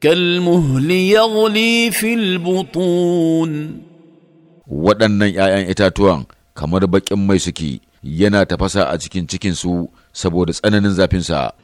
كالمهل يغلي في البطون waɗannan ‘ya'yan itatuwan kamar baƙin mai suke yana tafasa a cikin cikinsu saboda tsananin zafinsa.